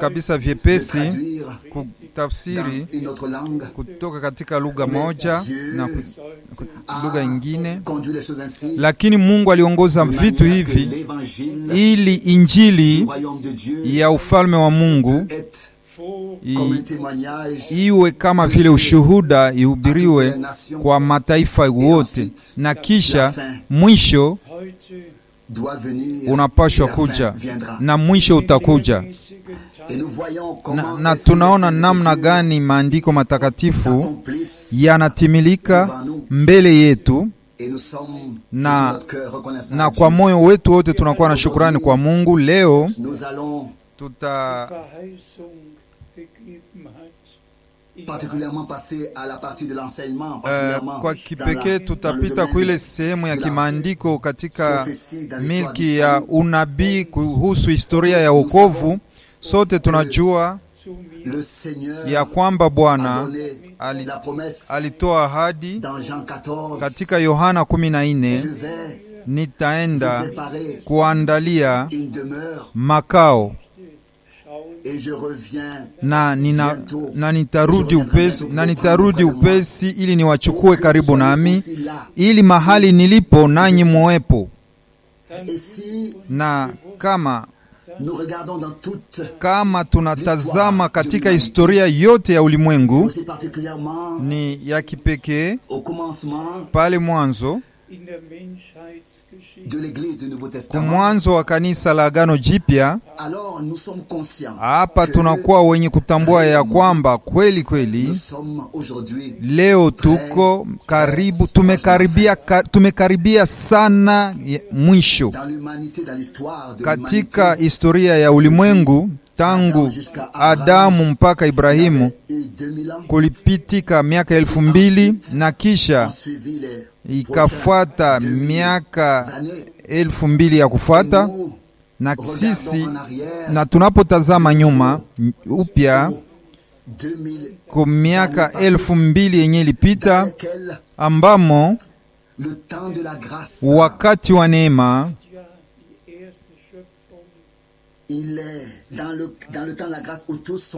kabisa vyepesi kutafsiri kutoka katika lugha moja na lugha ingine, lakini Mungu aliongoza vitu hivi ili injili ya ufalme wa Mungu iwe kama vile ushuhuda ihubiriwe kwa mataifa wote, na kisha mwisho unapashwa kuja na mwisho utakuja. Na, na tunaona namna gani maandiko matakatifu yanatimilika mbele yetu na, na kwa moyo wetu wote tunakuwa na shukurani kwa Mungu. Leo tuta particulièrement passé à la partie de l'enseignement. Euh, particulièrement euh, Uh, kwa kipekee tutapita kwa ile sehemu ya kimaandiko katika milki ya unabii kuhusu historia ya wokovu. Sote tunajua ya kwamba Bwana alitoa ahadi katika Yohana 14, nitaenda kuandalia makao na nina, na nitarudi upesi, na nitarudi upesi ili niwachukue karibu nami, ili mahali nilipo nanyi muwepo. Na kama kama tunatazama katika historia yote ya ulimwengu, ni ya kipekee pale mwanzo kumwanzo wa kanisa la Agano Jipya. Hapa tunakuwa wenye kutambua ya kwamba kweli kweli leo tuko karibu, tumekaribia, tumekaribia sana mwisho katika historia ya ulimwengu tangu Adamu mpaka Ibrahimu kulipitika miaka elfu mbili na kisha ikafuata miaka elfu mbili ya kufuata na sisi, na tunapotazama nyuma upya kwa miaka elfu mbili yenye ilipita, ambamo wakati wa neema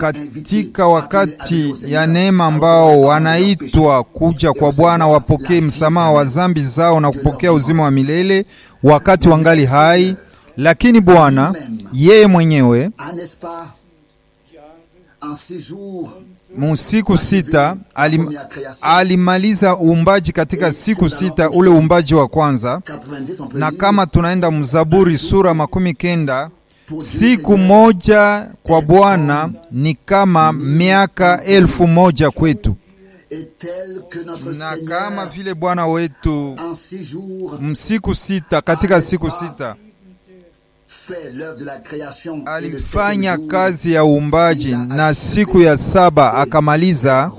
katika wakati ya neema ambao wanaitwa kuja kwa Bwana wapokee msamaha wa dhambi zao na kupokea uzima wa milele wakati wangali hai. Lakini Bwana yeye mwenyewe musiku sita alim, alimaliza uumbaji katika siku sita, ule uumbaji wa kwanza, na kama tunaenda mzaburi sura makumi kenda Siku moja kwa Bwana ni kama miaka elfu moja kwetu, na kama vile Bwana wetu msiku sita, katika siku sita alifanya kazi ya uumbaji na siku ya saba akamaliza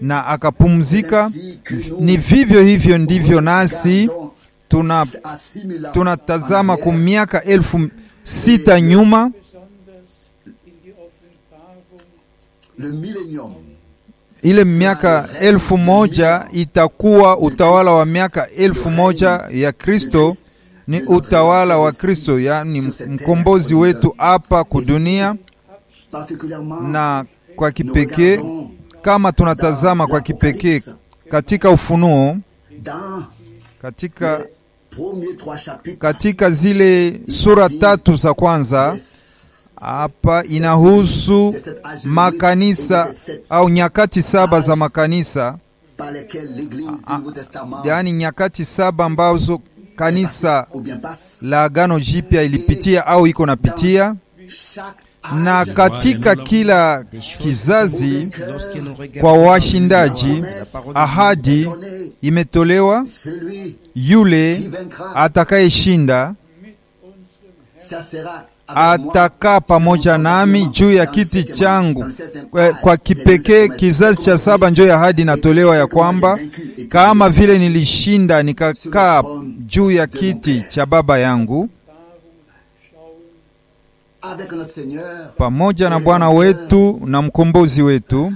na akapumzika. Ni vivyo hivyo ndivyo nasi tunatazama tuna kwa miaka elfu sita nyuma ile miaka elfu moja itakuwa utawala wa miaka elfu moja ya Kristo, ni utawala wa Kristo, yaani mkombozi wetu hapa kudunia. Na kwa kipekee, kama tunatazama kwa kipekee katika Ufunuo, katika katika zile sura tatu za kwanza. Hapa inahusu makanisa au nyakati saba za makanisa, ah, ah. yaani nyakati saba ambazo kanisa la Agano Jipya ilipitia au iko napitia na katika kila kizazi kwa washindaji ahadi imetolewa, yule atakayeshinda atakaa pamoja nami juu ya kiti changu. Kwa, kipekee kizazi cha saba njo ahadi inatolewa ya kwamba kama vile nilishinda nikakaa juu ya kiti cha baba yangu pamoja na Bwana wetu na mkombozi wetu,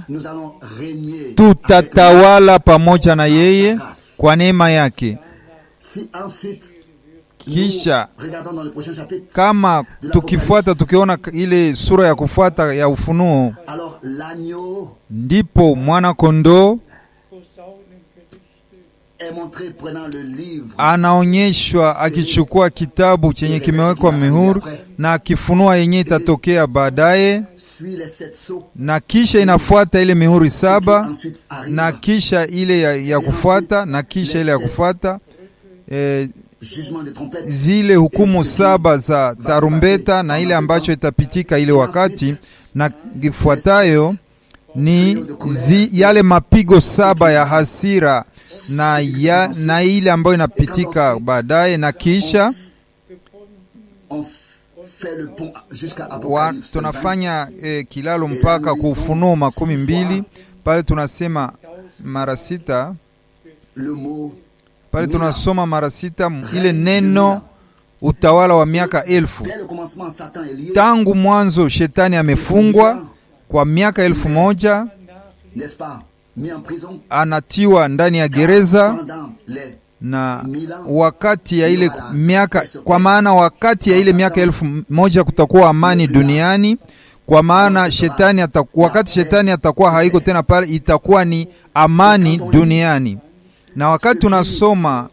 tutatawala pamoja na yeye kwa neema yake. Kisha kama tukifuata tukiona ile sura ya kufuata ya Ufunuo, ndipo mwana kondoo anaonyeshwa akichukua kitabu chenye kimewekwa mihuri na akifunua yenye itatokea baadaye, na kisha inafuata ile mihuri saba na kisha ile ya, ya kufuata na kisha ile ya kufuata e, zile hukumu saba za tarumbeta na ile ambacho itapitika ile wakati, na kifuatayo ni zi, yale mapigo saba ya hasira na, ya, na ile ambayo inapitika baadaye na kisha wa, tunafanya eh, kilalo mpaka ku Ufunuo makumi mbili pale tunasema mara sita pale tunasoma mara sita ile neno utawala wa miaka elfu. Tangu mwanzo shetani amefungwa kwa miaka elfu moja anatiwa ndani ya gereza na wakati ya ile miaka, kwa maana wakati ya ile miaka elfu moja kutakuwa amani duniani, kwa maana shetani atakuwa, wakati shetani atakuwa haiko tena pale, itakuwa ni amani duniani. Na wakati unasoma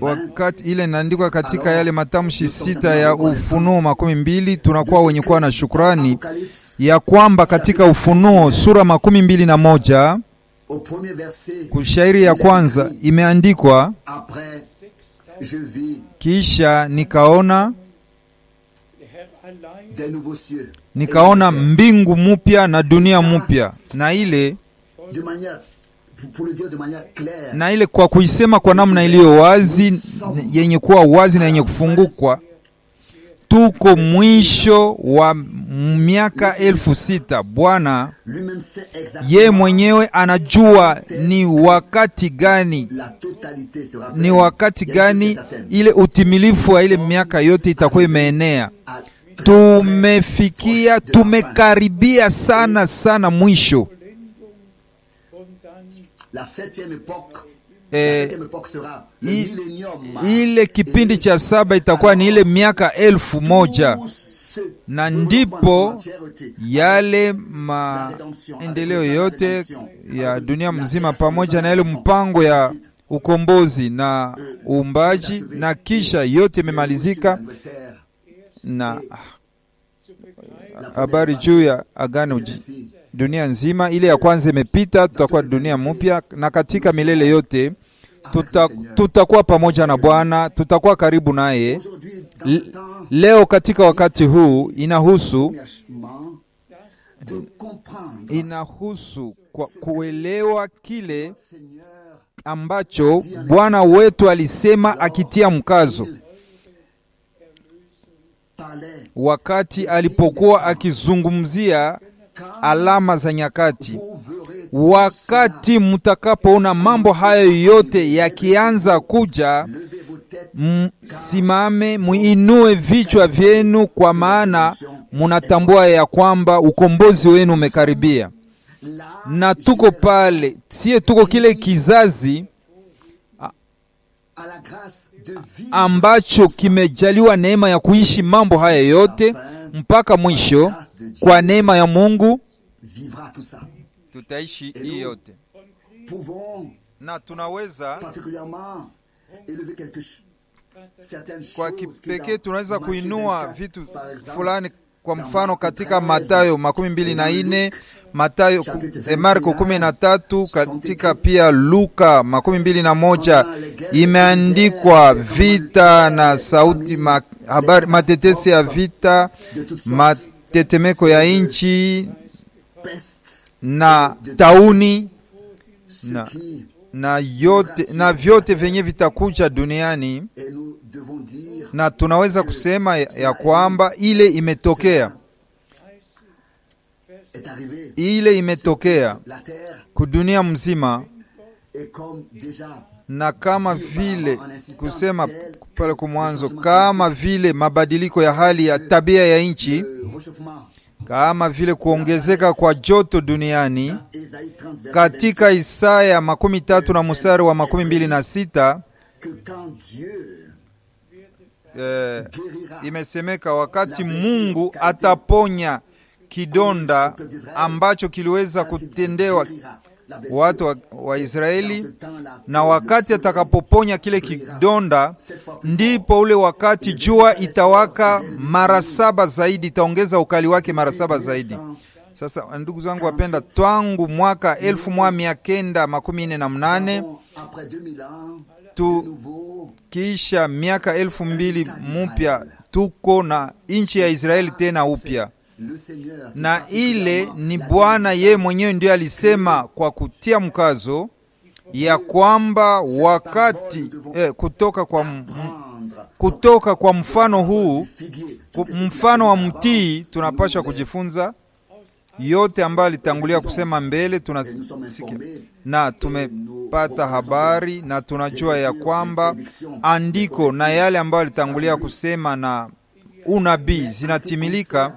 wakati ile inaandikwa katika yale matamshi sita ya Ufunuo makumi mbili, tunakuwa wenye kuwa na shukrani ya kwamba katika Ufunuo sura makumi mbili na moja kushairi ya kwanza imeandikwa kisha nikaona nikaona mbingu mupya na dunia mupya na ile na ile kwa kuisema kwa namna iliyo wazi, yenye kuwa wazi na yenye kufungukwa. Tuko mwisho wa miaka elfu sita. Bwana ye mwenyewe anajua ni wakati gani, ni wakati gani ile utimilifu wa ile miaka yote itakuwa imeenea. Tumefikia, tumekaribia sana sana mwisho la septième époque E, ile kipindi cha saba itakuwa ni ile miaka elfu moja na ndipo yale maendeleo yote ya dunia mzima pamoja na ile mpango ya ukombozi na euh, uumbaji, na kisha yote imemalizika na habari juu ya agano dunia nzima. Ile ya kwanza imepita, tutakuwa dunia mpya, na katika milele yote tuta, tutakuwa pamoja na Bwana, tutakuwa karibu naye. Leo katika wakati huu inahusu inahusu kwa kuelewa kile ambacho Bwana wetu alisema akitia mkazo wakati alipokuwa akizungumzia alama za nyakati. Wakati mtakapoona mambo hayo yote yakianza kuja, msimame muinue vichwa vyenu, kwa maana munatambua ya kwamba ukombozi wenu umekaribia. Na tuko pale, siye tuko kile kizazi ambacho kimejaliwa neema ya kuishi mambo haya yote mpaka mwisho kwa neema ya Mungu tutaishi hii yote, na tunaweza kwa kipekee tunaweza kuinua vitu fulani kwa mfano katika Matayo makumi mbili na ine Matayo eh, Marko kumi na tatu katika pia Luka makumi mbili na moja imeandikwa vita na sauti ma, habari, matetesi ya vita mat, mitetemeko ya nchi na tauni na, na, yote, na vyote vyenye vitakuja duniani, na tunaweza kusema ya kwamba ile imetokea, ile imetokea kudunia mzima na kama vile kusema pale kwa mwanzo, kama vile mabadiliko ya hali ya tabia ya nchi, kama vile kuongezeka kwa joto duniani. Katika Isaya makumi tatu na mstari wa makumi mbili na sita eh, imesemeka wakati Mungu ataponya kidonda ambacho kiliweza kutendewa watu wa, wa Israeli, na wakati atakapoponya kile kidonda, ndipo ule wakati jua itawaka mara saba zaidi, itaongeza ukali wake mara saba zaidi. Sasa ndugu zangu wapenda, twangu mwaka elfu mwa mia kenda makumi nne na mnane tu kisha miaka elfu mbili mupya tuko na nchi ya Israeli tena upya na ile ni Bwana yeye mwenyewe ndiye alisema kwa kutia mkazo ya kwamba wakati eh, kutoka kwa m, kutoka kwa mfano huu mfano wa mtii tunapaswa kujifunza yote ambayo alitangulia kusema mbele. Tunasikia na tumepata habari na tunajua ya kwamba andiko na yale ambayo alitangulia kusema na unabii zinatimilika,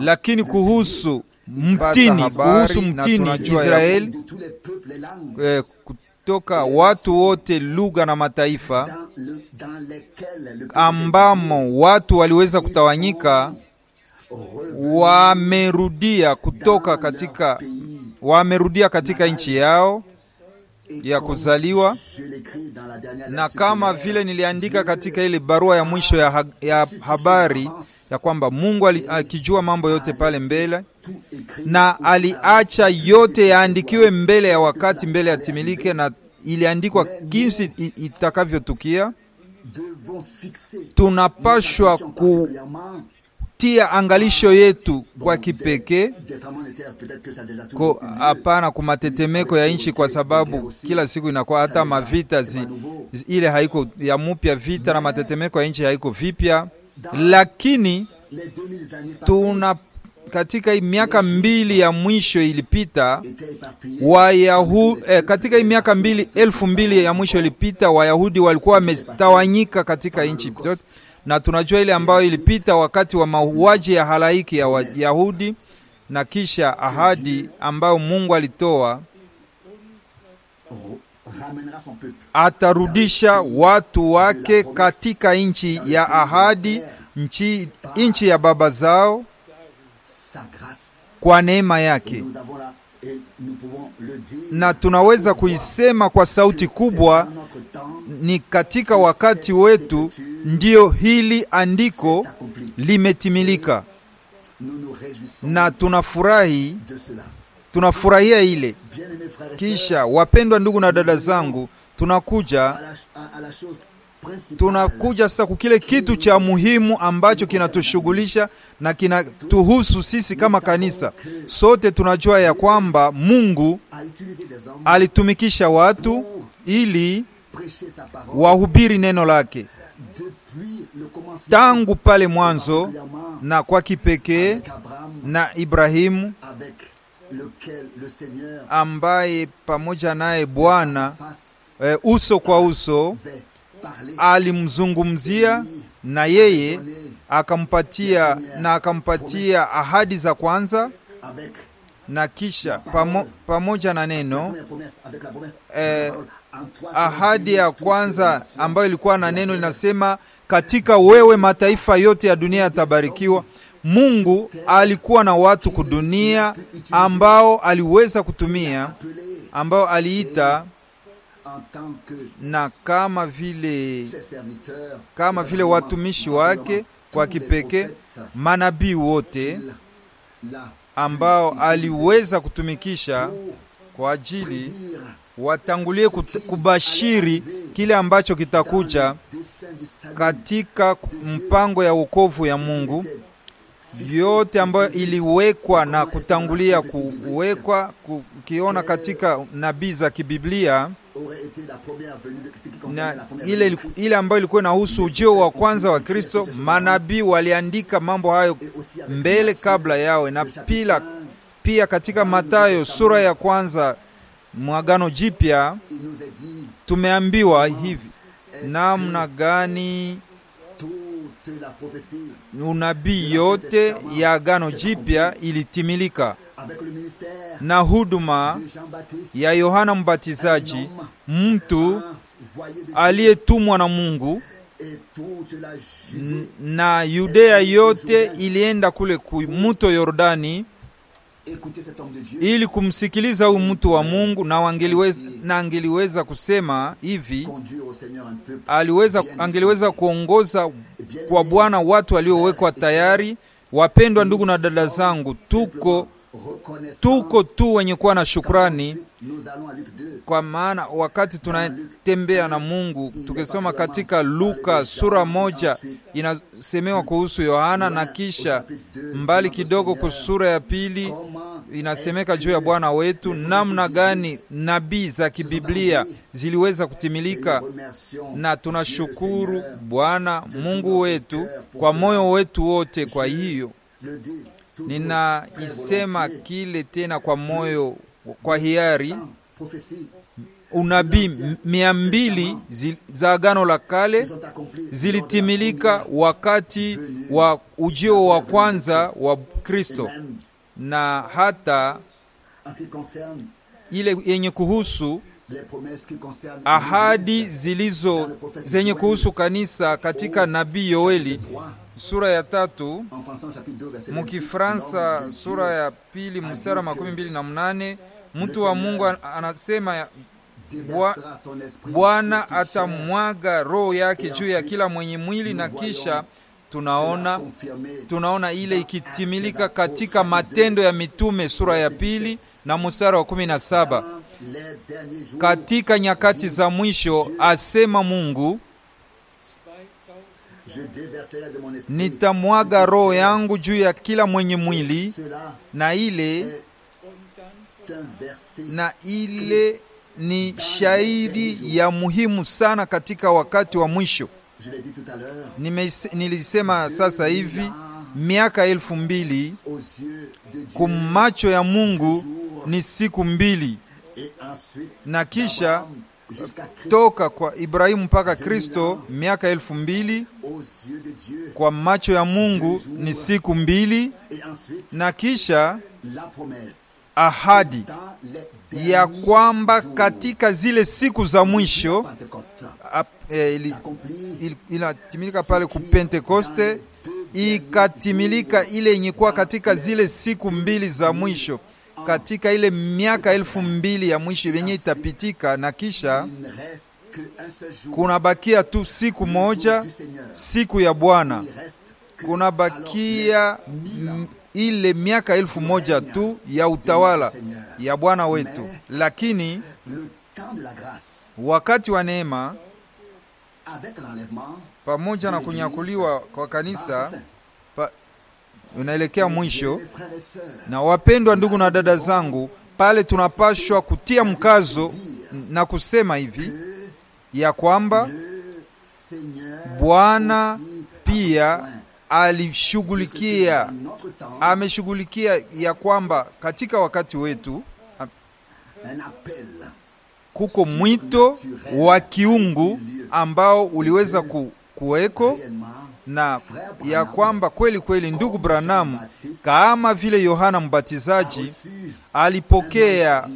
lakini kuhusu mtini, kuhusu mtini Israeli eh, kutoka watu wote, lugha na mataifa, ambamo watu waliweza kutawanyika, wamerudia kutoka katika wamerudia katika nchi yao ya kuzaliwa, na kama vile niliandika katika ile barua ya mwisho ya, ha ya habari ya kwamba Mungu alikijua mambo yote pale mbele na aliacha yote yaandikiwe mbele ya wakati, mbele yatimilike, na iliandikwa jinsi itakavyotukia. Tunapashwa ku kupitia angalisho yetu kwa kipekee hapana ku matetemeko ya nchi, kwa sababu kila siku inakuwa hata mavita zi, zi, ile haiko ya mupya vita na matetemeko ya nchi haiko vipya, lakini tuna katika miaka mbili ya mwisho ilipita Wayahu, eh, katika miaka mbili elfu mbili ya mwisho ilipita Wayahudi walikuwa wametawanyika katika nchi zote na tunajua ile ambayo ilipita wakati wa mauaji ya halaiki ya Wayahudi na kisha ahadi ambayo Mungu alitoa atarudisha watu wake katika nchi ya ahadi, nchi, nchi ya baba zao kwa neema yake na tunaweza kuisema kwa sauti kubwa, ni katika wakati wetu ndiyo hili andiko limetimilika, na tunafurahi, tunafurahia ile. Kisha wapendwa ndugu na dada zangu, tunakuja tunakuja sasa kukile kitu cha muhimu ambacho kinatushughulisha na kinatuhusu sisi kama kanisa. Sote tunajua ya kwamba Mungu alitumikisha watu ili wahubiri neno lake tangu pale mwanzo, na kwa kipekee na Ibrahimu ambaye pamoja naye Bwana e, uso kwa uso alimzungumzia na yeye akampatia na akampatia ahadi za kwanza na kisha pamo, pamoja na neno eh, ahadi ya kwanza ambayo ilikuwa na neno linasema, katika wewe mataifa yote ya dunia yatabarikiwa. Mungu alikuwa na watu kudunia ambao aliweza kutumia, ambao aliita na kama vile kama vile watumishi wake kwa kipekee manabii wote ambao aliweza kutumikisha kwa ajili watangulie kubashiri kile ambacho kitakuja katika mpango ya wokovu ya Mungu, yote ambayo iliwekwa na kutangulia kuwekwa kukiona katika nabii za kibiblia na ile, ile ambayo ilikuwa inahusu ujio wa kwanza wa Kristo, manabii waliandika mambo hayo mbele kabla yawe, na pila pia katika Mathayo sura ya kwanza mwagano jipya tumeambiwa hivi namna gani unabii yote ya gano Jipya ilitimilika na huduma ya Yohana Mbatizaji, mtu aliyetumwa na Mungu na Yudea yote ilienda kule ku muto Yordani ili kumsikiliza huyu mtu wa Mungu na angeliweza, na angeliweza kusema hivi, aliweza angeliweza kuongoza kwa Bwana watu waliowekwa tayari. Wapendwa ndugu na dada zangu, tuko tuko tu wenye kuwa na shukrani, kwa maana wakati tunatembea na Mungu, tukisoma katika Luka sura moja inasemewa kuhusu Yohana, na kisha mbali kidogo kwa sura ya pili inasemeka juu ya Bwana wetu, namna gani nabii za kibiblia ziliweza kutimilika. Na tunashukuru Bwana Mungu wetu kwa moyo wetu wote. Kwa hiyo Ninaisema kile tena kwa moyo kwa hiari, unabii mia mbili za Agano la Kale zilitimilika wakati wa ujio wa kwanza wa Kristo, na hata ile yenye kuhusu ahadi zilizo zenye kuhusu kanisa katika nabii Yoeli sura ya tatu mukifransa sura ya pili mstara makumi mbili na mnane mtu wa Mungu anasema Bwana atamwaga roho yake juu ya kila mwenye mwili na kisha tunaona, tunaona ile ikitimilika katika Matendo ya Mitume sura ya pili na mstari wa kumi na saba katika nyakati za mwisho asema Mungu, nitamwaga roho yangu juu ya kila mwenye mwili, na ile na ile ni shairi ya muhimu sana katika wakati wa mwisho nilisema sasa hivi miaka elfu mbili kumacho ya Mungu ni siku mbili, na kisha toka kwa Ibrahimu mpaka Kristo miaka elfu mbili kwa macho ya Mungu ni siku mbili, na kisha ahadi ya kwamba katika zile siku za mwisho eh, il, inatimilika pale ku Pentekoste, ikatimilika ile yenye kuwa katika zile siku mbili za mwisho katika ile miaka elfu mbili ya mwisho yenye itapitika, na kisha kunabakia tu siku moja, siku ya Bwana. Kunabakia ile miaka elfu moja tu ya utawala ya Bwana wetu, lakini wakati wa neema pamoja na kunyakuliwa kwa kanisa ah, pa, unaelekea mwisho. Na wapendwa ndugu na dada zangu, pale tunapashwa kutia mkazo na kusema hivi ya kwamba Bwana pia alishughulikia, ameshughulikia ya kwamba katika wakati wetu kuko mwito wa kiungu ambao uliweza ku, kuweko na ya kwamba kweli kweli, ndugu Branham, kama vile Yohana Mbatizaji alipokea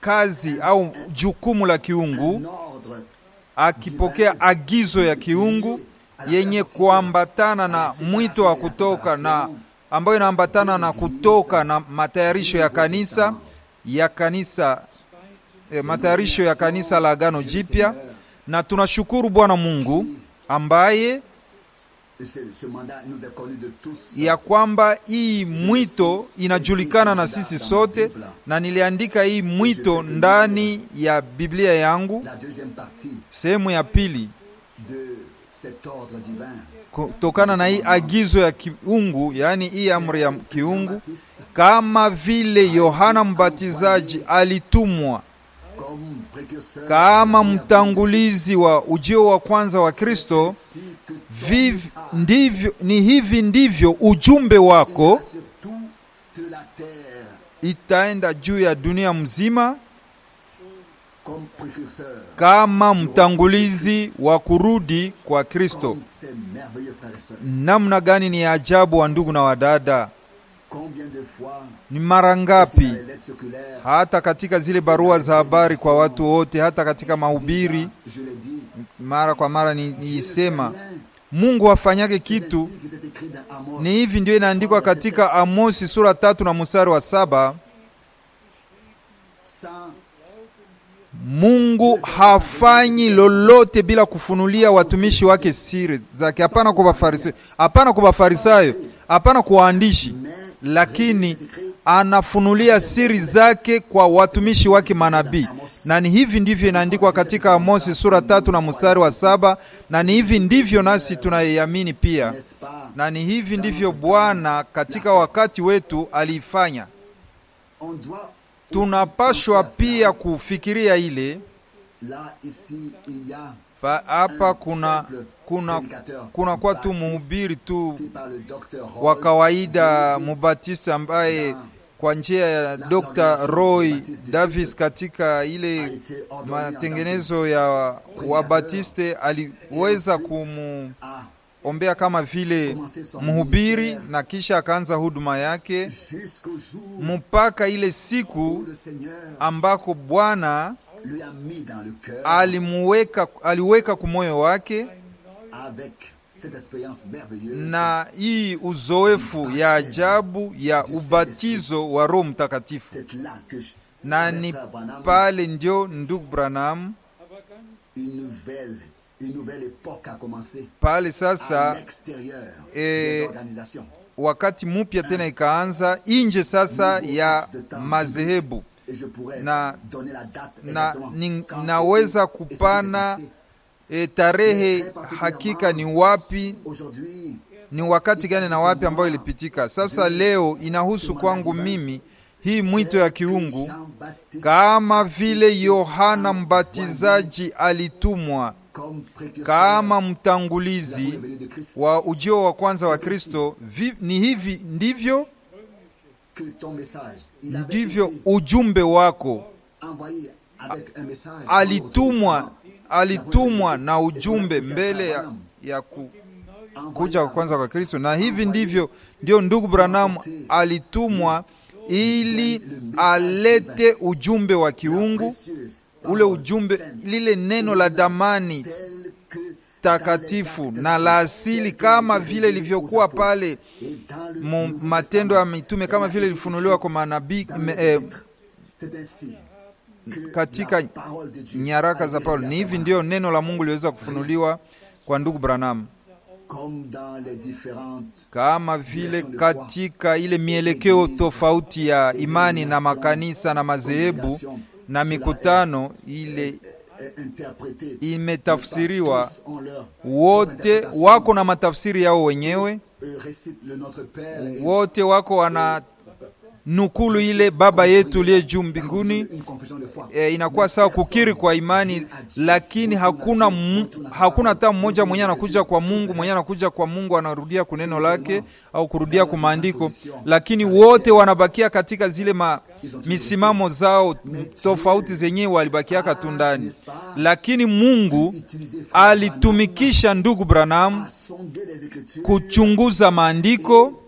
kazi au jukumu la kiungu, akipokea agizo ya kiungu yenye kuambatana na mwito wa kutoka na ambayo inaambatana na kutoka na matayarisho ya kanisa ya kanisa eh, matayarisho ya kanisa la Agano Jipya, na tunashukuru Bwana Mungu ambaye ya kwamba hii mwito inajulikana na sisi sote, na niliandika hii mwito ndani ya Biblia yangu, sehemu ya pili kutokana na hii agizo ya kiungu, yaani hii amri ya kiungu, kama vile Yohana Mbatizaji alitumwa kama mtangulizi wa ujio wa kwanza wa Kristo, viv, ndivyo, ni hivi ndivyo ujumbe wako itaenda juu ya dunia mzima kama mtangulizi wa kurudi kwa Kristo. Namna gani ni ajabu, wa ndugu na wadada! Ni mara ngapi, hata katika zile barua za habari kwa watu wote, hata katika mahubiri, mara kwa mara niisema Mungu afanyake kitu ni hivi, ndio inaandikwa katika Amosi sura tatu na mstari wa saba. Mungu hafanyi lolote bila kufunulia watumishi wake siri zake, hapana kwa Wafarisayo, hapana kwa Wafarisayo hapana kwa waandishi, lakini anafunulia siri zake kwa watumishi wake manabii. Na ni hivi ndivyo inaandikwa katika Amosi sura tatu na mstari wa saba na ni hivi ndivyo nasi tunaiamini pia, na ni hivi ndivyo Bwana katika wakati wetu aliifanya. Tunapashwa pia kufikiria ile hapa kuna kuna kunakuwa tu mhubiri tu wa kawaida mubatista ambaye kwa njia ya Dr. Roy Davis katika ile matengenezo ya Wabatiste aliweza kumuombea kama vile mhubiri, na kisha akaanza huduma yake mpaka ile siku ambako Bwana alimuweka aliweka kumoyo wake na hii uzoefu ya ajabu ya ubatizo wa Roho Mtakatifu, na ni pale ndio ndugu Branham pale sasa e, wakati mupya tena ikaanza inje sasa ya madhehebu na, na, naweza kupana e, tarehe hakika ni wapi, ni wakati gani na wapi ambayo ilipitika. Sasa leo inahusu kwangu mimi hii mwito ya kiungu, kama vile Yohana Mbatizaji alitumwa kama mtangulizi wa ujio wa kwanza wa Kristo, ni hivi ndivyo ndivyo ujumbe wako alitumwa alitumwa na ujumbe mbele ya, ya ku, kuja kwanza kwa Kristo, na hivi ndivyo ndio ndugu Branham alitumwa ili alete ujumbe wa kiungu, ule ujumbe, lile neno la damani takatifu na la asili kama vile ilivyokuwa pale Matendo ya Mitume, kama vile ilifunuliwa kwa manabii eh, katika nyaraka za Paulo. Ni hivi ndio neno la Mungu liweza kufunuliwa kwa ndugu Branham, kama vile katika ile mielekeo tofauti ya imani na makanisa na madhehebu na mikutano ile imetafsiriwa, wote wako na matafsiri yao wenyewe, wote wako wana nukulu ile Baba yetu liye juu mbinguni e, inakuwa sawa kukiri kwa imani, lakini hakuna hakuna hata mmoja mwenye anakuja kwa Mungu, mwenye anakuja kwa Mungu anarudia kuneno lake au kurudia kumaandiko, lakini wote wanabakia katika zile ma, misimamo zao tofauti zenye walibakiaka tu ndani, lakini Mungu alitumikisha ndugu Branham kuchunguza maandiko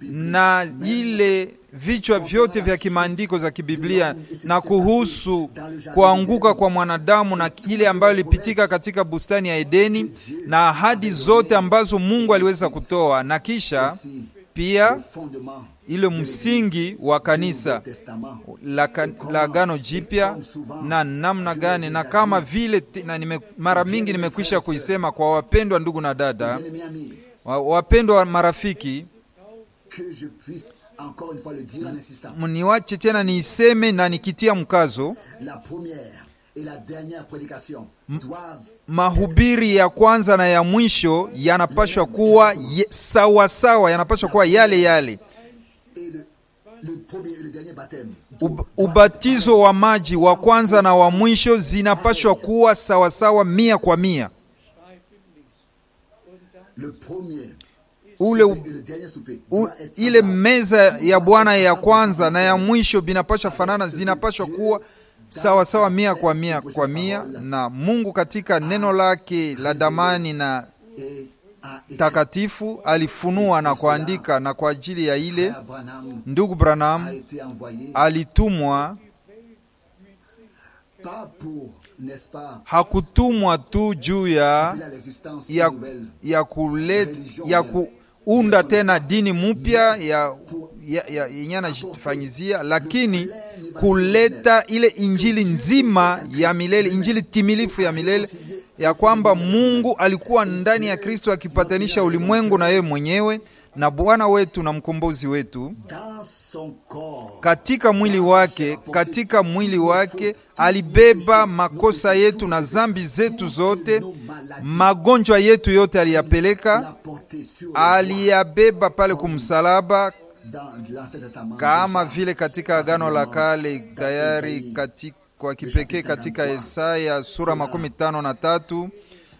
na ile vichwa vyote vya kimaandiko za kibiblia na kuhusu kuanguka kwa mwanadamu na ile ambayo ilipitika katika bustani ya Edeni na ahadi zote ambazo Mungu aliweza kutoa na kisha pia ile msingi wa kanisa la, gano jipya na namna gani, na kama vile na nime, mara mingi nimekwisha kuisema kwa wapendwa ndugu na dada, wapendwa marafiki niwache tena niiseme na nikitia mkazo la mahubiri ya kwanza na ya mwisho yanapashwa kuwa ye, sawa yanapashwa kuwa yale yale. Ubatizo wa maji wa kwanza na wa mwisho zinapashwa kuwa sawasawa, mia kwa mia. Le premier, ule u, ile meza ya Bwana ya kwanza na ya mwisho binapasha fanana, zinapashwa kuwa sawa sawa mia kwa mia kwa mia, na Mungu katika ah, neno lake la damani na takatifu alifunua na kuandika, na kwa ajili ya ile ndugu Branham alitumwa hakutumwa tu juu ya ya, ya, kule, ya, ku, unda tena dini mpya ya yenye anajifanyizia, lakini kuleta ile injili nzima ya milele, injili timilifu ya milele ya kwamba Mungu alikuwa ndani ya Kristo akipatanisha ulimwengu na yeye mwenyewe na Bwana wetu na mkombozi wetu katika mwili wake, katika mwili wake alibeba makosa yetu na zambi zetu zote, magonjwa yetu yote aliyapeleka, aliyabeba pale kumsalaba kama vile katika Agano la Kale tayari katika, kwa kipekee katika Isaya sura makumi tano na tatu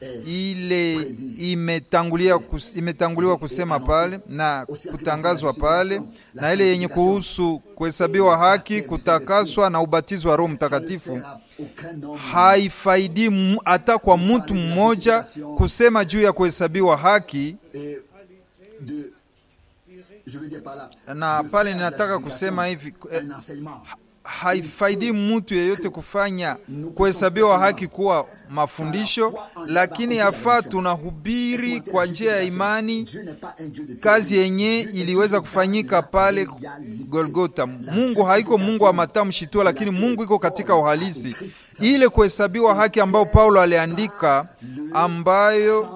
Eh, ile imetangulia eh, kus, imetanguliwa kusema pale na kutangazwa pale, na ile yenye kuhusu kuhesabiwa haki, kutakaswa na ubatizo wa Roho Mtakatifu haifaidi hata kwa mtu mmoja kusema juu ya kuhesabiwa haki. Eh, na pale ninataka kusema hivi eh, haifaidi mtu yeyote kufanya kuhesabiwa haki kuwa mafundisho, lakini yafaa tunahubiri kwa njia ya imani kazi yenye iliweza kufanyika pale Golgota. Mungu haiko Mungu wa matamshi tu, lakini Mungu iko katika uhalisi. Ile kuhesabiwa haki ambayo Paulo aliandika, ambayo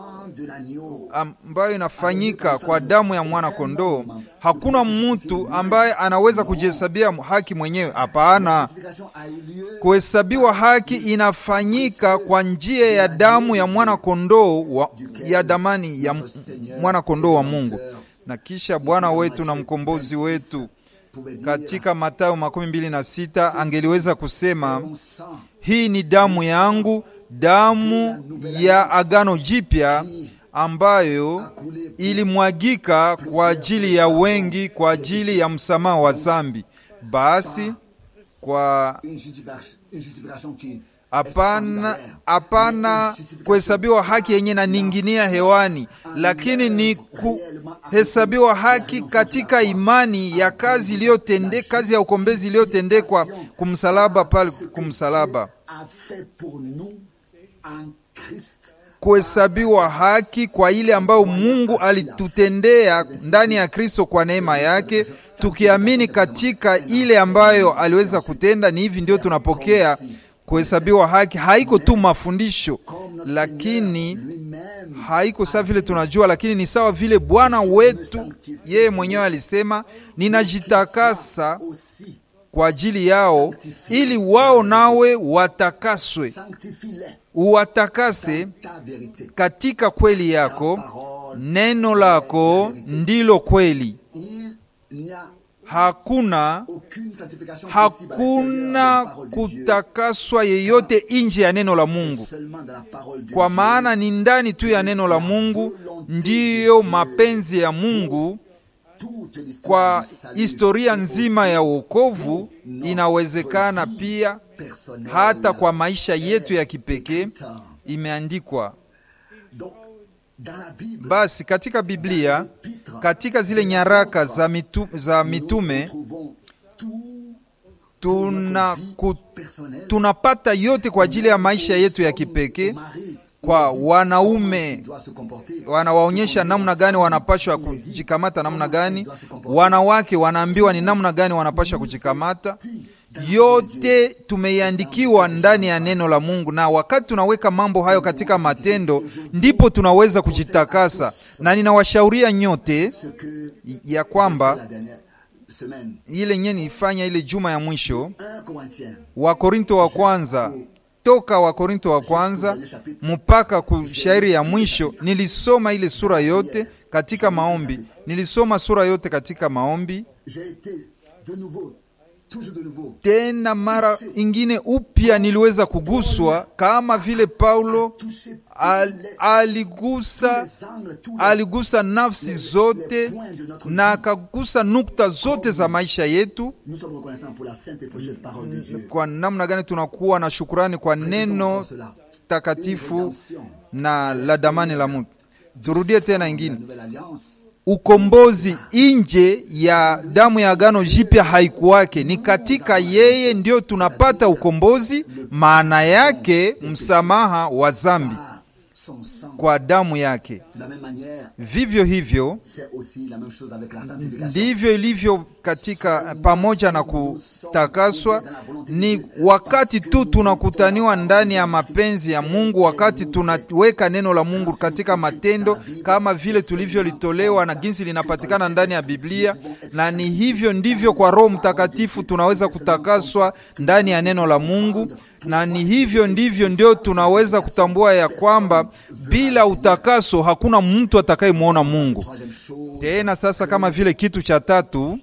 ambayo inafanyika kwa damu ya mwana kondoo Hakuna mtu ambaye anaweza kujihesabia haki mwenyewe. Hapana, kuhesabiwa haki inafanyika kwa njia ya damu ya mwana kondoo wa, ya damani ya mwana kondoo wa Mungu na kisha Bwana wetu na mkombozi wetu katika Mathayo makumi mbili na sita angeliweza kusema hii ni damu yangu, damu ya agano jipya ambayo ilimwagika kwa ajili ya wengi kwa ajili ya msamaha wa zambi. Basi kwa hapana hapana kuhesabiwa haki yenye na ninginia hewani, lakini ni kuhesabiwa haki katika imani ya kazi iliyotende kazi ya ukombezi iliyotendekwa kumsalaba pale kumsalaba kuhesabiwa haki kwa ile ambayo Mungu alitutendea ndani ya Kristo kwa neema yake, tukiamini katika ile ambayo aliweza kutenda. Ni hivi ndio tunapokea kuhesabiwa haki. Haiko tu mafundisho, lakini haiko sawa vile tunajua, lakini ni sawa vile Bwana wetu yeye mwenyewe alisema, ninajitakasa kwa ajili yao, ili wao nawe watakaswe, uwatakase katika kweli yako. Neno lako ndilo kweli. Hakuna, hakuna kutakaswa yeyote nje ya neno la Mungu, kwa maana ni ndani tu ya neno la Mungu ndiyo mapenzi ya Mungu kwa historia nzima ya wokovu, inawezekana pia hata kwa maisha yetu ya kipekee, imeandikwa basi katika Biblia, katika zile nyaraka za, mitu, za mitume tunapata tuna yote kwa ajili ya maisha yetu ya kipekee kwa wanaume, wanawaonyesha namna gani wanapashwa kujikamata, namna gani wanawake wanaambiwa ni namna gani wanapashwa kujikamata. Yote tumeiandikiwa ndani ya neno la Mungu, na wakati tunaweka mambo hayo katika matendo, ndipo tunaweza kujitakasa. Na ninawashauria nyote ya kwamba ile nye nilifanya ile juma ya mwisho, Wakorinto wa kwanza toka Wakorinto wa kwanza mpaka kushairi ya mwisho, nilisoma ile sura yote katika maombi, nilisoma sura yote katika maombi tena mara ingine upya niliweza kuguswa kama vile Paulo al, aligusa, aligusa nafsi zote na akagusa nukta zote za maisha yetu. Kwa namna gani tunakuwa na shukurani kwa neno takatifu na la damani la mutu Turudie tena ingine ukombozi nje ya damu ya agano jipya haikuwake, ni katika yeye ndio tunapata ukombozi, maana yake msamaha wa dhambi kwa damu yake. Vivyo hivyo ndivyo ilivyo katika pamoja na kutakaswa. Ni wakati tu tunakutaniwa ndani ya mapenzi ya Mungu, wakati tunaweka neno la Mungu katika matendo, kama vile tulivyolitolewa na jinsi linapatikana ndani ya Biblia, na ni hivyo ndivyo kwa Roho Mtakatifu tunaweza kutakaswa ndani ya neno la Mungu na ni hivyo ndivyo ndio tunaweza kutambua ya kwamba bila utakaso hakuna mtu atakayemwona Mungu. Tena sasa, kama vile kitu cha tatu,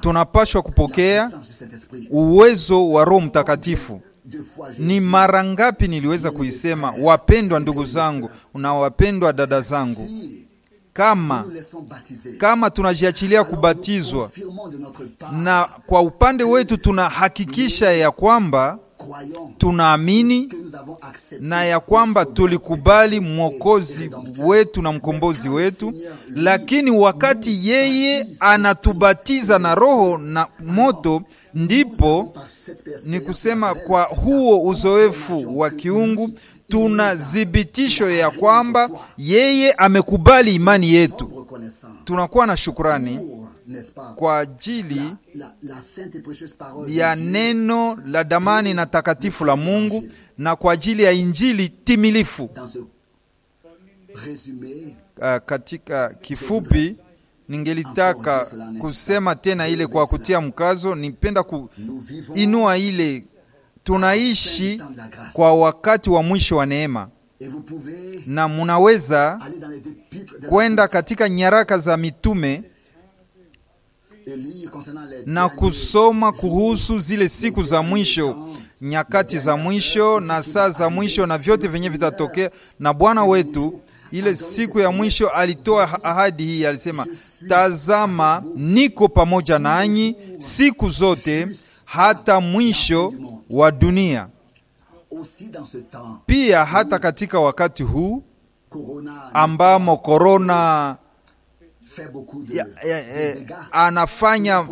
tunapashwa kupokea uwezo wa Roho Mtakatifu. Ni mara ngapi niliweza kuisema, wapendwa ndugu zangu na wapendwa dada zangu, kama, kama tunajiachilia kubatizwa na kwa upande wetu tunahakikisha ya kwamba tunaamini na ya kwamba tulikubali mwokozi wetu na mkombozi wetu, lakini wakati yeye anatubatiza na roho na moto, ndipo ni kusema kwa huo uzoefu wa kiungu tuna thibitisho ya kwamba yeye amekubali imani yetu. Tunakuwa na shukurani kwa ajili ya neno la damani na takatifu la Mungu na kwa ajili ya injili timilifu. Uh, katika kifupi ningelitaka kusema tena ile kwa kutia mkazo, nipenda kuinua ile tunaishi kwa wakati wa mwisho wa neema, na munaweza kwenda katika nyaraka za mitume na kusoma kuhusu zile siku za mwisho, nyakati za mwisho na saa za mwisho na vyote vyenye vitatokea, na Bwana wetu ile siku ya mwisho alitoa ahadi hii, alisema, tazama niko pamoja nanyi siku zote hata mwisho wa dunia. Pia hata katika wakati huu ambamo korona Eh, anafanya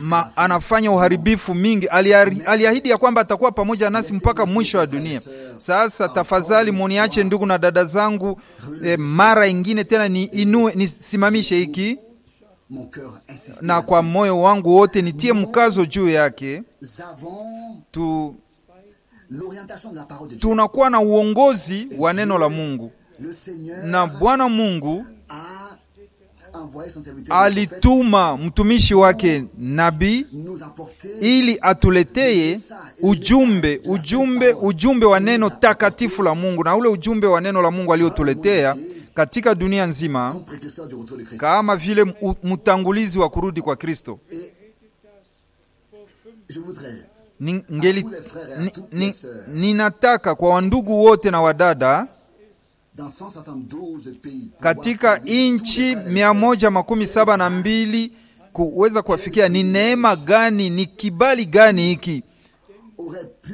ma, anafanya uharibifu mingi. Aliahidi ya kwamba atakuwa pamoja nasi mpaka mwisho wa dunia. Sasa tafadhali muniache ndugu na dada zangu, eh, mara ingine tena ni inue nisimamishe hiki na kwa moyo wangu wote nitie mkazo juu yake tu, tunakuwa na uongozi wa neno la Mungu na Bwana Mungu alituma mtumishi wake nabii ili atuleteye ujumbe, ujumbe, ujumbe wa neno takatifu la Mungu, na ule ujumbe wa neno la Mungu aliotuletea katika dunia nzima, kama vile mtangulizi wa kurudi kwa Kristo. Ninataka kwa wandugu wote na wadada katika nchi mia moja makumi saba na mbili kuweza kuwafikia. Ni neema gani? Ni kibali gani hiki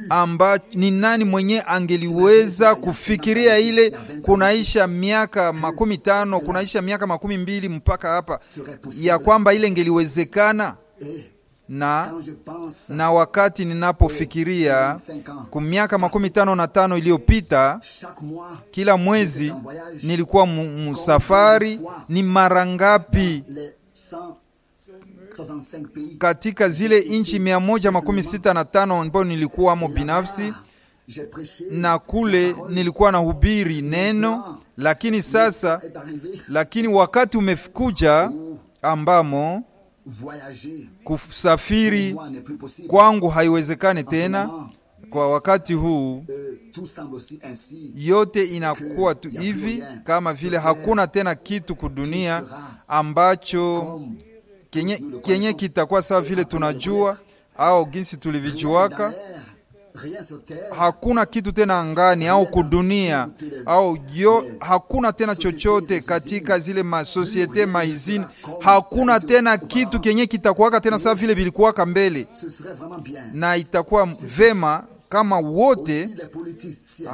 amba ni nani mwenye angeliweza kufikiria ile kunaisha miaka makumi tano kunaisha miaka makumi mbili mpaka hapa ya kwamba ile ingeliwezekana eh, na, na wakati ninapofikiria ku miaka makumi tano na tano iliyopita, kila mwezi nilikuwa msafari Ni mara ngapi katika zile nchi mia moja makumi sita na tano ambayo nilikuwamo binafsi, na kule nilikuwa nahubiri neno, lakini sasa, lakini wakati umekuja ambamo Kusafiri kwangu haiwezekani tena kwa wakati huu, euh, yote inakuwa tu hivi, kama vile hakuna tena kitu kudunia ambacho kenye, kenye kitakuwa sawa vile tunajua au ginsi tulivijuaka hakuna kitu tena angani au kudunia au jo, hakuna tena chochote katika zile masosiete maizini, hakuna tena kitu kenye kitakuwaka tena sawa vile vilikuwaka mbele, na itakuwa vema kama wote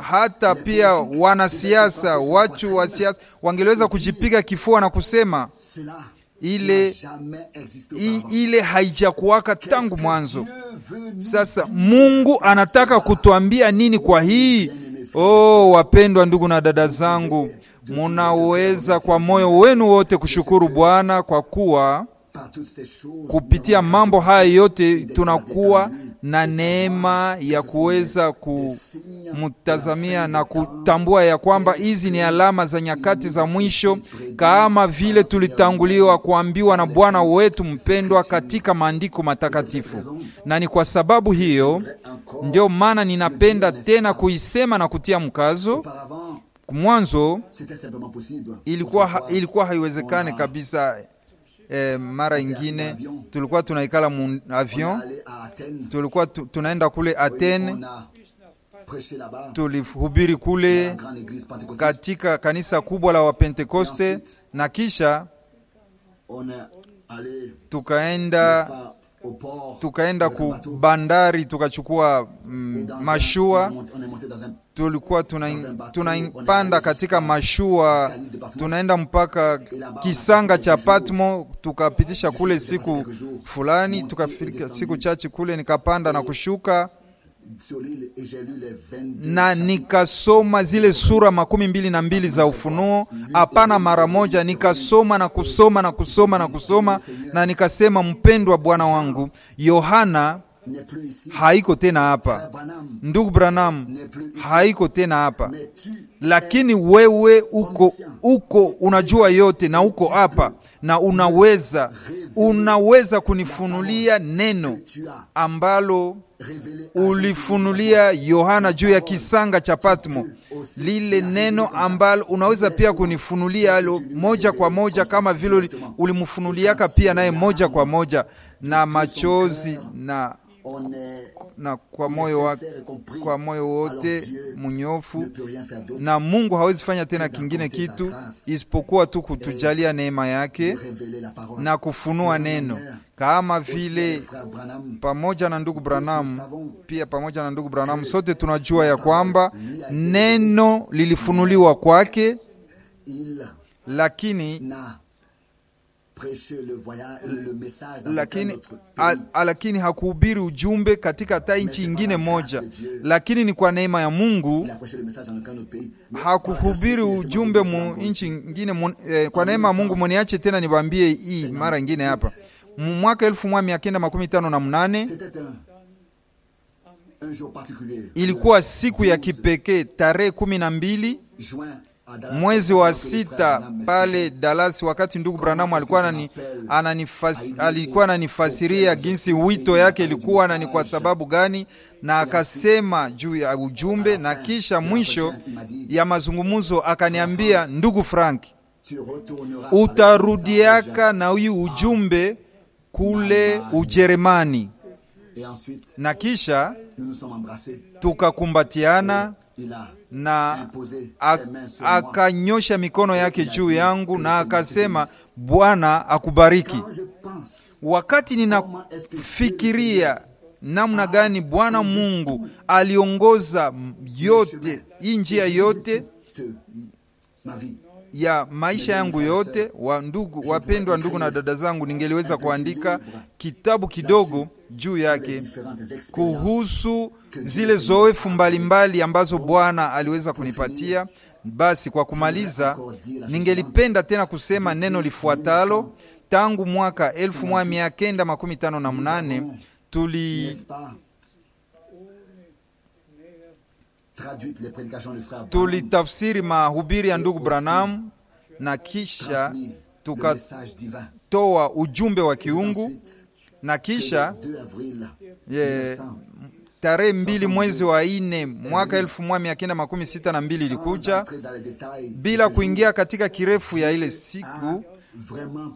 hata pia wanasiasa, watu wa siasa wangeliweza kujipiga kifua na kusema ile, ile haijakuwaka tangu mwanzo. Sasa Mungu anataka kutuambia nini kwa hii? Oh, wapendwa ndugu na dada zangu, munaweza kwa moyo wenu wote kushukuru Bwana kwa kuwa Kupitia mambo haya yote tunakuwa na neema ya kuweza kumtazamia na kutambua ya kwamba hizi ni alama za nyakati za mwisho, kama vile tulitanguliwa kuambiwa na Bwana wetu mpendwa katika maandiko matakatifu. Na ni kwa sababu hiyo ndio maana ninapenda tena kuisema na kutia mkazo. Mwanzo ilikuwa, ilikuwa haiwezekane kabisa eh, mara ingine tulikuwa tunaikala mu avion, tulikuwa tunaenda kule Athene tulihubiri kule katika kanisa kubwa la Wapentekoste na kisha tukaenda tukaenda ku bandari tukachukua mm, mashua. Tulikuwa tunapanda katika mashua, tunaenda mpaka kisanga cha Patmo, tukapitisha kule siku fulani, tukafika siku chache kule, nikapanda na kushuka na nikasoma zile sura makumi mbili na mbili za Ufunuo, hapana mara moja, nikasoma na kusoma na kusoma na kusoma, na nikasema, mpendwa bwana wangu Yohana haiko tena hapa, ndugu Branham haiko tena hapa, lakini wewe uko uko unajua yote na uko hapa na unaweza unaweza kunifunulia neno ambalo ulifunulia Yohana juu ya kisanga cha Patmo, lile neno ambalo unaweza pia kunifunulia alo moja kwa moja, kama vile ulimfunuliaka pia naye moja kwa moja, na machozi na na kwa moyo wa, kwa moyo wote munyofu, na Mungu hawezi fanya tena kingine kitu isipokuwa tu kutujalia neema yake na kufunua neno kama vile pamoja na ndugu Branham pia pamoja na ndugu Branham, sote tunajua ya kwamba neno lilifunuliwa kwake, lakini Euh, lakini, lakini hakuhubiri ujumbe katika hata nchi ingine moja, lakini ni kwa neema ya Mungu hakuhubiri ujumbe mu nchi ingine eh, kwa neema ya Mungu. Mniache tena niwaambie hii mara ingine hapa, mwaka elfu moja mia kenda makumi tano na mnane ilikuwa siku ya kipekee tarehe kumi na mbili mwezi wa sita pale Dallas, wakati ndugu Branham alikuwa anani, ananifasi, alikuwa ananifasiria jinsi wito yake ilikuwa na ni kwa sababu gani, na akasema juu ya ujumbe, na kisha mwisho ya mazungumzo akaniambia, ndugu Frank, utarudiaka na huyu ujumbe kule Ujerumani na kisha tukakumbatiana na akanyosha mikono yake juu yangu na akasema, Bwana akubariki. Wakati ninafikiria namna ah, gani Bwana Mungu aliongoza yote hii njia yote ya maisha yangu yote, wa ndugu, wapendwa ndugu na dada zangu, ningeliweza kuandika kitabu kidogo juu yake kuhusu zile zoefu mbalimbali ambazo Bwana aliweza kunipatia. Basi kwa kumaliza, ningelipenda tena kusema neno lifuatalo. Tangu mwaka 1958 tuli tulitafsiri mahubiri ya ndugu Branham na kisha tukatoa ujumbe wa kiungu na kisha ye, tarehe mbili mwezi wa ine mwaka elfu moja mia kenda makumi sita na mbili ilikuja bila kuingia katika kirefu ya ile siku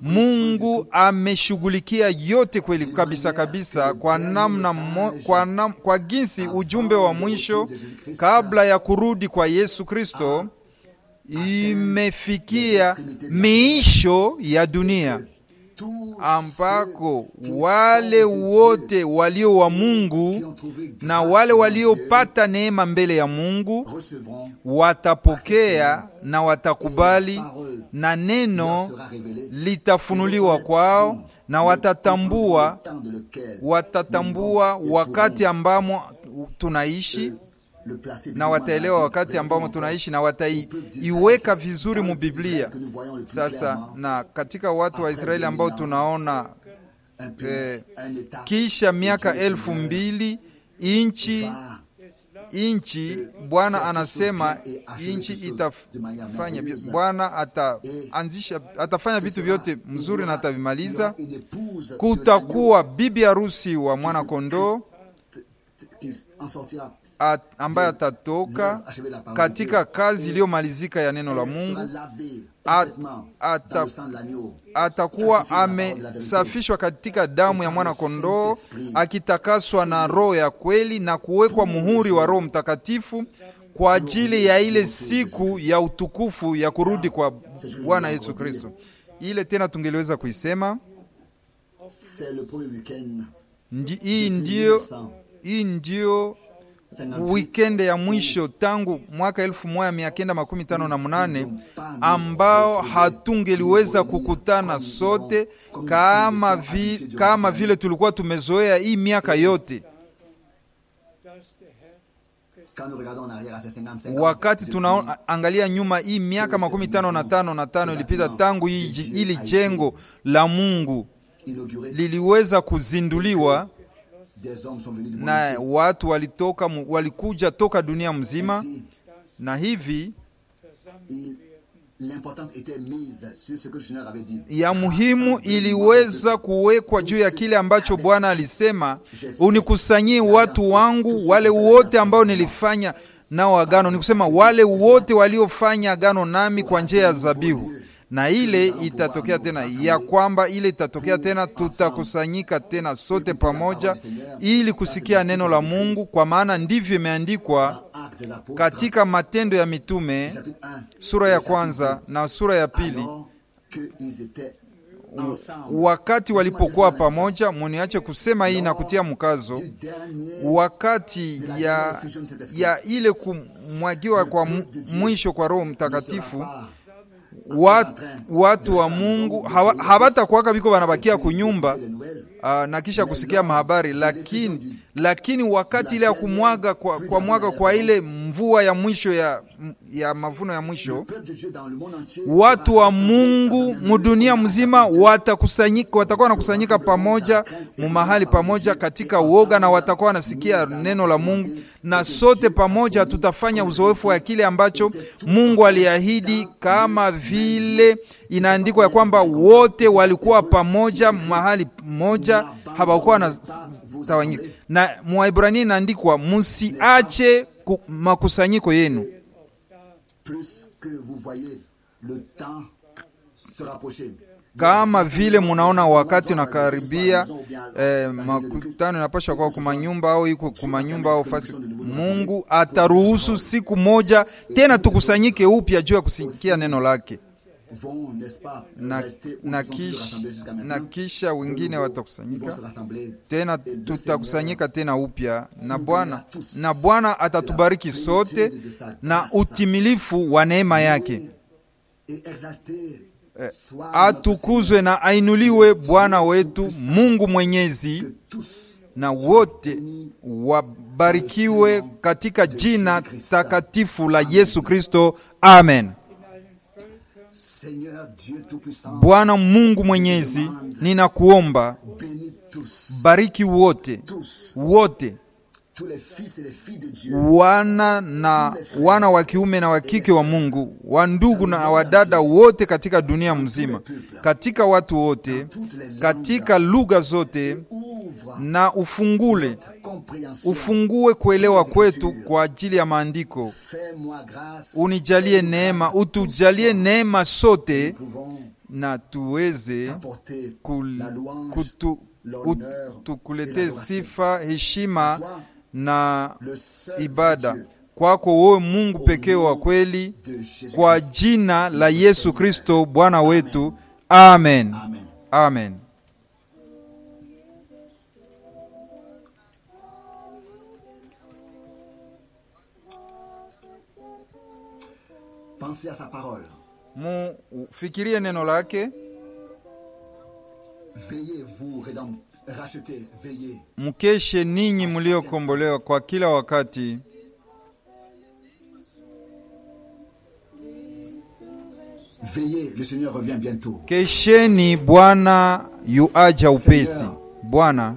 Mungu ameshughulikia yote kweli kabisa kabisa, kwa namna mo, kwa, nam, kwa jinsi ujumbe wa mwisho kabla ya kurudi kwa Yesu Kristo imefikia miisho ya dunia ambako wale wote walio wa Mungu na wale waliopata neema mbele ya Mungu watapokea na watakubali, na neno litafunuliwa kwao, na watatambua watatambua wakati ambamo tunaishi na wataelewa wakati ambao tunaishi na wataiweka vizuri mubiblia. Sasa na katika watu wa Israeli ambao tunaona eh, kisha miaka elfu mbili inchi inchi Bwana anasema inchi itafanya, Bwana ataanzisha, atafanya vitu vyote mzuri na atavimaliza. Kutakuwa bibi harusi wa mwana kondoo ambaye atatoka katika kazi iliyomalizika ya neno la Mungu atakuwa amesafishwa katika damu ya mwana kondoo, akitakaswa na roho ya kweli na kuwekwa muhuri wa Roho Mtakatifu kwa ajili ya ile siku ya utukufu ya kurudi kwa Bwana Yesu Kristo. Ile tena tungeliweza kuisema hii ndio wikende ya mwisho mm. tangu mwaka munane ambao hatungeliweza kukutana sote kama, vi, kama vile tulikuwa tumezoea hii miaka yote. Wakati tunaangalia nyuma hii miaka makumi tano na tano na tano ilipita tangu hili jengo la Mungu liliweza kuzinduliwa na watu walitoka, walikuja toka dunia mzima, na hivi ya muhimu iliweza kuwekwa juu ya kile ambacho Bwana alisema, unikusanyie watu wangu wale wote ambao nilifanya nao agano, nikusema wale wote waliofanya agano nami kwa njia ya zabihu na ile itatokea tena, ya kwamba ile itatokea tena, tutakusanyika tena sote pamoja ili kusikia neno la Mungu, kwa maana ndivyo imeandikwa katika Matendo ya Mitume sura ya kwanza na sura ya pili wakati walipokuwa pamoja. Muniache kusema hii na kutia mkazo, wakati ya, ya ile kumwagiwa kwa mwisho kwa Roho Mtakatifu, watu, watu wa Mungu hawatakuwaka viko wanabakia kunyumba uh, na kisha kusikia mahabari, lakini lakini wakati ile ya kumwaga kwa, kwa mwaga kwa ile mvua ya mwisho ya, ya mavuno ya mwisho, watu wa Mungu mudunia mzima watakusanyika, watakuwa wanakusanyika pamoja mumahali pamoja katika uoga, na watakuwa wanasikia neno la Mungu, na sote pamoja tutafanya uzoefu wa kile ambacho Mungu aliahidi, kama vile inaandikwa ya kwamba wote walikuwa pamoja mahali moja, hawakuwa na tawanyika. Na Mwaebrania inaandikwa msiache makusanyiko yenu kama vile munaona wakati unakaribia eh, makutano inapasha kuwa kumanyumba au iko kumanyumba au fasi. Mungu ataruhusu siku moja tena tukusanyike upya juu ya kusikia neno lake na, na, na kisha wengine watakusanyika tena, tutakusanyika tena upya na Bwana, na Bwana atatubariki sote na utimilifu wa neema yake. Eh, atukuzwe na ainuliwe Bwana wetu Mungu Mwenyezi, na wote wabarikiwe katika jina takatifu la Yesu Kristo, amen. Bwana Mungu Mwenyezi, ninakuomba bariki wote wote wana na wana wa kiume na wa kike wa Mungu, wandugu na wadada wote katika dunia mzima, katika watu wote, katika lugha zote na ufungule ufungue kuelewa kwetu kwa ajili ya maandiko. Unijalie neema, utujalie neema sote, na tuweze tukulete sifa, heshima na ibada kwako wewe, Mungu pekee wa kweli, kwa jina la Yesu Kristo Bwana wetu. Amen, amen, amen. Pensez à sa parole. Fikirie neno lake. Veillez vous redem, Mkeshe ninyi mliokombolewa kwa kila wakati. Veillez, le Seigneur revient bientôt. Kesheni Bwana yuaja upesi. Bwana,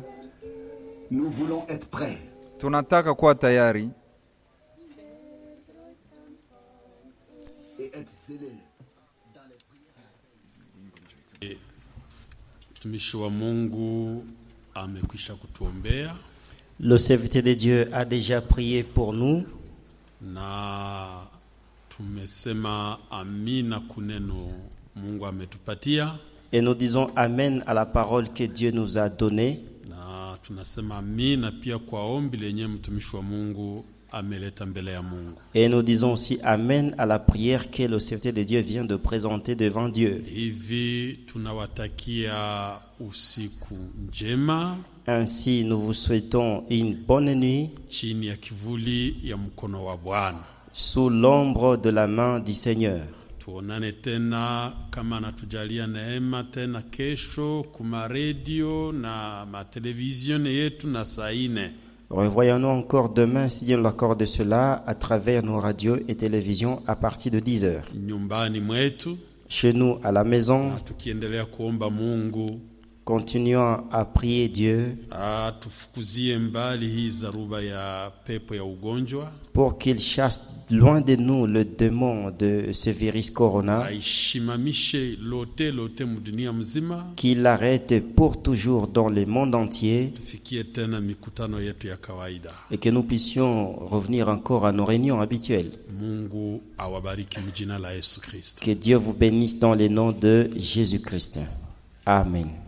Tunataka kuwa tayari. Le serviteur de Dieu a déjà prié pour nous. Et nous disons amen à la parole que Dieu nous a donnée. Et nous disons aussi Amen à la prière que le serviteur de Dieu vient de présenter devant Dieu. Ainsi, nous vous souhaitons une bonne nuit sous l'ombre de la main du Seigneur. tena kama Revoyons-nous encore demain, si l'accord de cela, à travers nos radios et télévisions à partir de 10 heures. Chez nous, à la maison, Continuons à prier Dieu pour qu'il chasse loin de nous le démon de ce virus corona, qu'il arrête pour toujours dans le monde entier et que nous puissions revenir encore à nos réunions habituelles. Que Dieu vous bénisse dans le nom de Jésus-Christ. Amen.